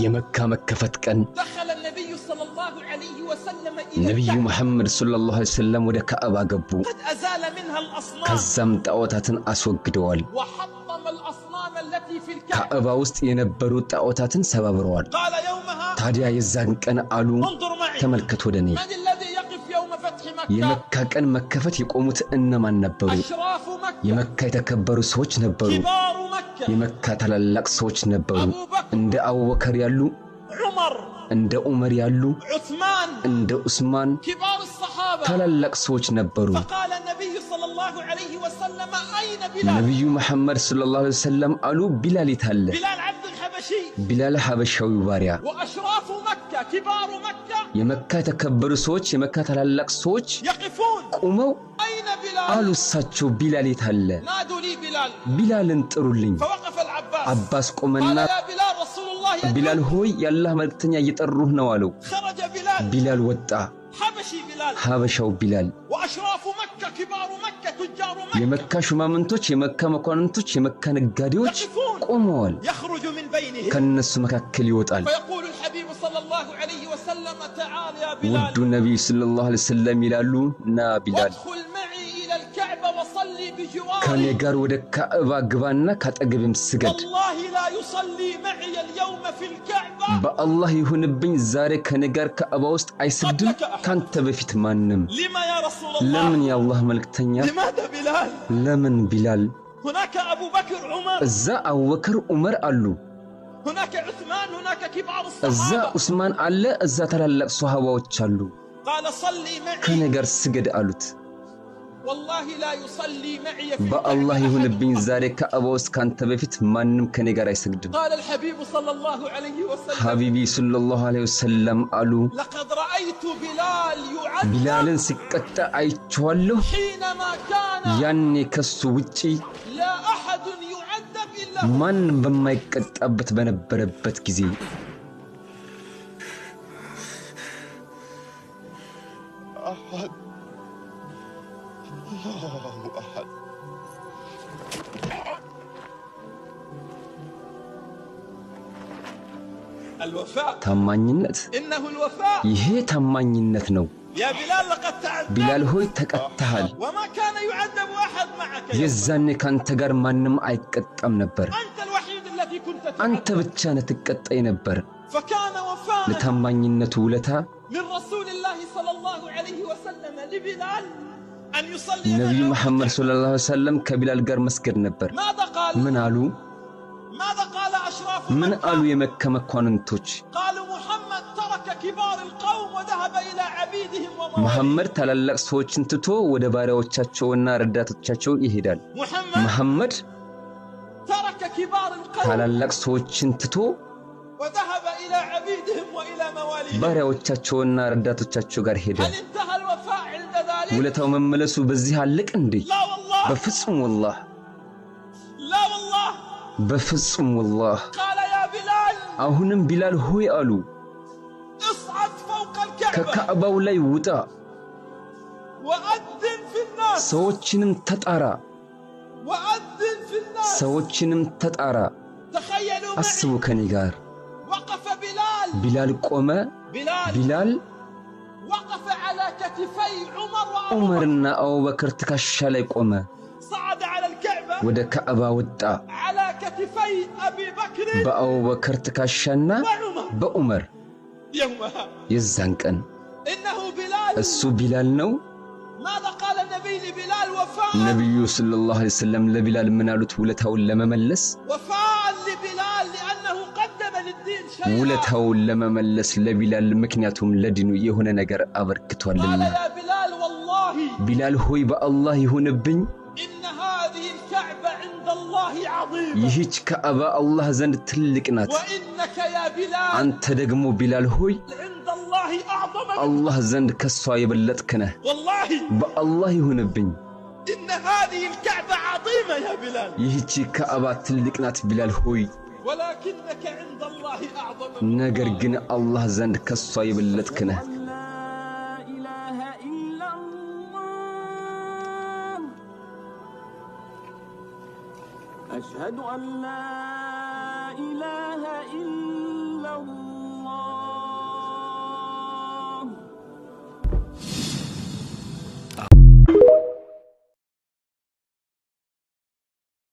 የመካ መከፈት ቀን ነቢዩ መሐመድ ሰለላሁ ዐለይሂ ወሰለም ወደ ካዕባ ገቡ። ከዛም ጣዖታትን አስወግደዋል። ካዕባ ውስጥ የነበሩ ጣዖታትን ሰባብረዋል። ታዲያ የዛን ቀን አሉ፣ ተመልከት ወደ እኔ የመካ ቀን መከፈት የቆሙት እነማን ነበሩ? የመካ የተከበሩ ሰዎች ነበሩ። የመካ ታላላቅ ሰዎች ነበሩ። እንደ አቡበከር ያሉ፣ እንደ ዑመር ያሉ፣ እንደ ዑስማን ታላላቅ ሰዎች ነበሩ። ነቢዩ መሐመድ ሰለላሁ ዐለይሂ ወሰለም አሉ ቢላል የታለ? ቢላል ሐበሻዊ ባሪያ የመካ የተከበሩ ሰዎች የመካ ታላላቅ ሰዎች ቁመው አሉ እሳቸው ቢላል አለ። ቢላልን ጥሩልኝ። አባስ ቆመና ቢላል ሆይ የአላህ መልእክተኛ እየጠሩህ ነው አለው። ቢላል ወጣ። ሀበሻው ቢላል የመካ ሹማምንቶች፣ የመካ መኳንንቶች፣ የመካ ነጋዴዎች ቆመዋል። ከነሱ መካከል ይወጣል። ውዱ ነቢዩ ሰለላሁ ዐለይሂ ወሰለም ይላሉ ና ቢላል ከኔ ጋር ወደ ካዕባ ግባና ካጠገብም ስገድ። በአላህ ይሁንብኝ ዛሬ ከኔ ጋር ካዕባ ውስጥ አይሰግድም ካንተ በፊት ማንም። ለምን የአላህ መልክተኛ? ለምን ቢላል? እዛ አቡበክር ዑመር አሉ። እዛ ዑስማን አለ። እዛ ታላላቅ ሶሃባዎች አሉ። ከኔ ጋር ስገድ አሉት። በአላህ ይሁንብኝ ዛሬ ከአባ ውስጥ ከአንተ በፊት ማንም ከኔ ጋር አይሰግድም። ሐቢቢ ሰለላሁ ዐለይሂ ወሰለም አሉ፣ ቢላልን ሲቀጣ አይቼዋለሁ። ያኔ ከሱ ውጪ ማንም በማይቀጣበት በነበረበት ጊዜ አሃድ ታማኝነት። ይሄ ታማኝነት ነው። ቢላል ሆይ ተቀጥተሃል። የዛኔ ከአንተ ጋር ማንም አይቀጣም ነበር። አንተ ብቻ ነህ ትቀጣይ ነበር። ለታማኝነቱ ውለታ ነቢዩ መሐመድ ሰለላሁ ዐለይሂ ወሰለም ከቢላል ጋር መስገድ ነበር። ምን አሉ? ምን አሉ የመከ መኳንንቶች? መሐመድ ታላላቅ ሰዎችን ትቶ ወደ ባሪያዎቻቸውና ረዳቶቻቸው ይሄዳል። መሐመድ ታላላቅ ሰዎችን ትቶ ባሪያዎቻቸውና ረዳቶቻቸው ጋር ሄዳል። ውለታው መመለሱ በዚህ አለቅ እንዴ? በፍጹም ወላህ፣ በፍጹም ወላህ አሁንም ቢላል ሆይ አሉ፣ ከካዕባው ላይ ውጣ፣ ሰዎችንም ተጣራ፣ ሰዎችንም ተጣራ። አስቡ ከኔ ጋር ቢላል ቆመ። ቢላል ዑመርና አቡበክር ትከሻ ላይ ቆመ። ወደ ካዕባ ወጣ። በአቡበከር ትከሻና በዑመር የዛን ቀን እሱ ቢላል ነው። ነቢዩ ሰለላሁ ዐለይሂ ወሰለም ለቢላል ምን አሉት? ውለታውን ለመመለስ ውለታውን ለመመለስ ለቢላል ምክንያቱም ለዲኑ የሆነ ነገር አበርክቷልና፣ ቢላል ሆይ በአላህ ይሁንብኝ ይህች ከአባ አላህ ዘንድ ትልቅ ናት። አንተ ደግሞ ቢላል ሆይ አላህ ዘንድ ከሷ የበለጥክ ነህ። በአላህ ይሁንብኝ። ይህች ከአባ ትልቅ ናት ቢላል ሆይ ነገር ግን አላህ ዘንድ ከሷ የበለጥክ ነህ። أشهد أن لا إله إلا